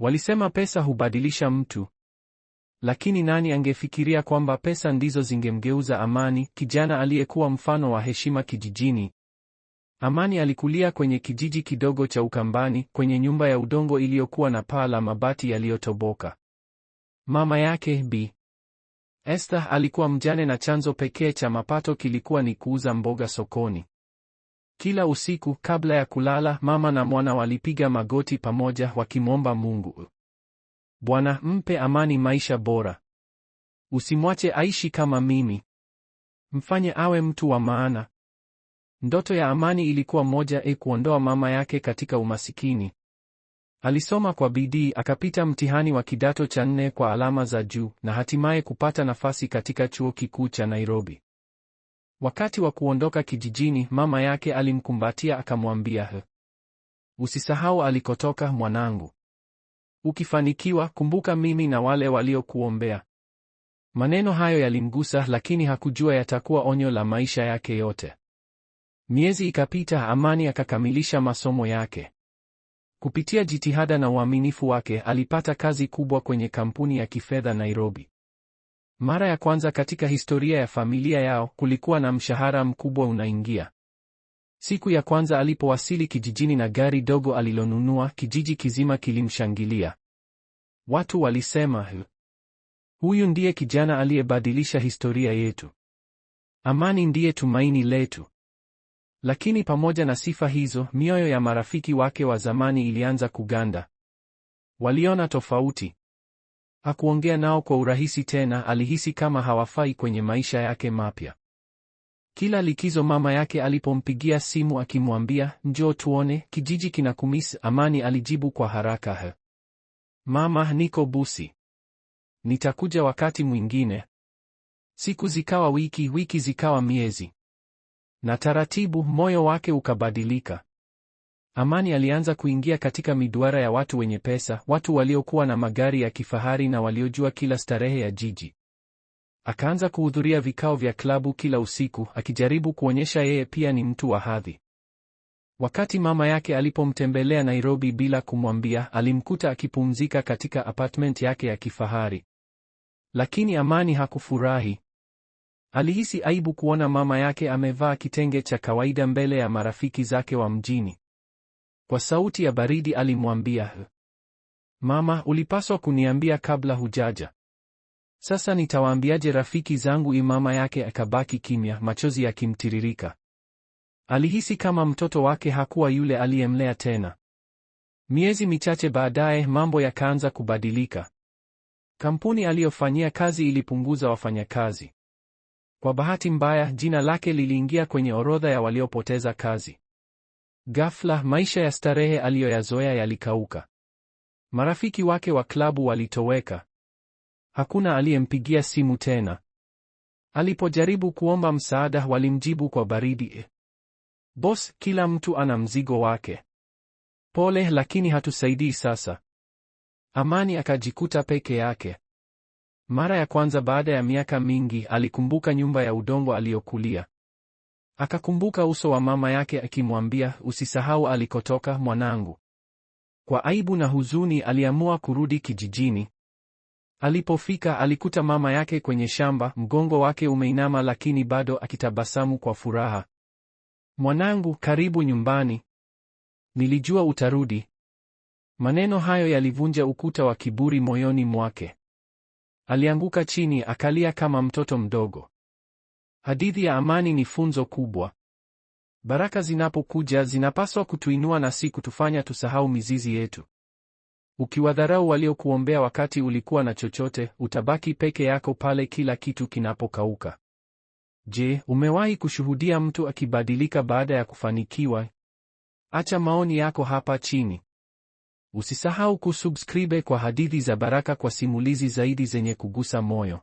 Walisema pesa hubadilisha mtu, lakini nani angefikiria kwamba pesa ndizo zingemgeuza Amani, kijana aliyekuwa mfano wa heshima kijijini. Amani alikulia kwenye kijiji kidogo cha Ukambani, kwenye nyumba ya udongo iliyokuwa na paa la mabati yaliyotoboka. Mama yake Bi Esther alikuwa mjane na chanzo pekee cha mapato kilikuwa ni kuuza mboga sokoni. Kila usiku kabla ya kulala, mama na mwana walipiga magoti pamoja wakimwomba Mungu, Bwana, mpe amani maisha bora, usimwache aishi kama mimi, mfanye awe mtu wa maana. Ndoto ya Amani ilikuwa moja e, kuondoa mama yake katika umasikini. Alisoma kwa bidii akapita mtihani wa kidato cha nne kwa alama za juu na hatimaye kupata nafasi katika chuo kikuu cha Nairobi. Wakati wa kuondoka kijijini, mama yake alimkumbatia akamwambia, usisahau alikotoka mwanangu. Ukifanikiwa, kumbuka mimi na wale waliokuombea. Maneno hayo yalimgusa, lakini hakujua yatakuwa onyo la maisha yake yote. Miezi ikapita, Amani akakamilisha masomo yake. Kupitia jitihada na uaminifu wake, alipata kazi kubwa kwenye kampuni ya kifedha Nairobi. Mara ya kwanza katika historia ya familia yao kulikuwa na mshahara mkubwa unaingia. Siku ya kwanza alipowasili kijijini na gari dogo alilonunua, kijiji kizima kilimshangilia. Watu walisema, hm, huyu ndiye kijana aliyebadilisha historia yetu. Amani ndiye tumaini letu. Lakini pamoja na sifa hizo, mioyo ya marafiki wake wa zamani ilianza kuganda. Waliona tofauti. Hakuongea nao kwa urahisi tena, alihisi kama hawafai kwenye maisha yake mapya. Kila likizo mama yake alipompigia simu akimwambia njoo tuone, kijiji kina Amani alijibu kwa haraka he, mama, niko busi, nitakuja wakati mwingine. Siku zikawa wiki, wiki zikawa miezi, na taratibu moyo wake ukabadilika. Amani alianza kuingia katika miduara ya watu wenye pesa, watu waliokuwa na magari ya kifahari na waliojua kila starehe ya jiji. Akaanza kuhudhuria vikao vya klabu kila usiku, akijaribu kuonyesha yeye pia ni mtu wa hadhi. Wakati mama yake alipomtembelea Nairobi bila kumwambia, alimkuta akipumzika katika apartment yake ya kifahari. Lakini Amani hakufurahi. Alihisi aibu kuona mama yake amevaa kitenge cha kawaida mbele ya marafiki zake wa mjini. Kwa sauti ya baridi alimwambia, Mama, ulipaswa kuniambia kabla hujaja. Sasa nitawaambiaje rafiki zangu? Imama yake akabaki kimya, machozi yakimtiririka. Alihisi kama mtoto wake hakuwa yule aliyemlea tena. Miezi michache baadaye, mambo yakaanza kubadilika. Kampuni aliyofanyia kazi ilipunguza wafanyakazi. Kwa bahati mbaya, jina lake liliingia kwenye orodha ya waliopoteza kazi. Ghafla maisha ya starehe aliyoyazoea yalikauka. Marafiki wake wa klabu walitoweka. Hakuna aliyempigia simu tena. Alipojaribu kuomba msaada, walimjibu kwa baridi, eh, "Boss, kila mtu ana mzigo wake. Pole, lakini hatusaidii sasa." Amani akajikuta peke yake. Mara ya kwanza baada ya miaka mingi alikumbuka nyumba ya udongo aliyokulia. Akakumbuka uso wa mama yake akimwambia, usisahau alikotoka mwanangu. Kwa aibu na huzuni aliamua kurudi kijijini. Alipofika alikuta mama yake kwenye shamba, mgongo wake umeinama lakini bado akitabasamu kwa furaha. Mwanangu, karibu nyumbani. Nilijua utarudi. Maneno hayo yalivunja ukuta wa kiburi moyoni mwake. Alianguka chini akalia kama mtoto mdogo. Hadithi ya amani ni funzo kubwa. Baraka zinapokuja zinapaswa kutuinua na si kutufanya tusahau mizizi yetu. Ukiwadharau waliokuombea wakati ulikuwa na chochote, utabaki peke yako pale kila kitu kinapokauka. Je, umewahi kushuhudia mtu akibadilika baada ya kufanikiwa? Acha maoni yako hapa chini. Usisahau kusubscribe kwa Hadithi za Baraka kwa simulizi zaidi zenye kugusa moyo.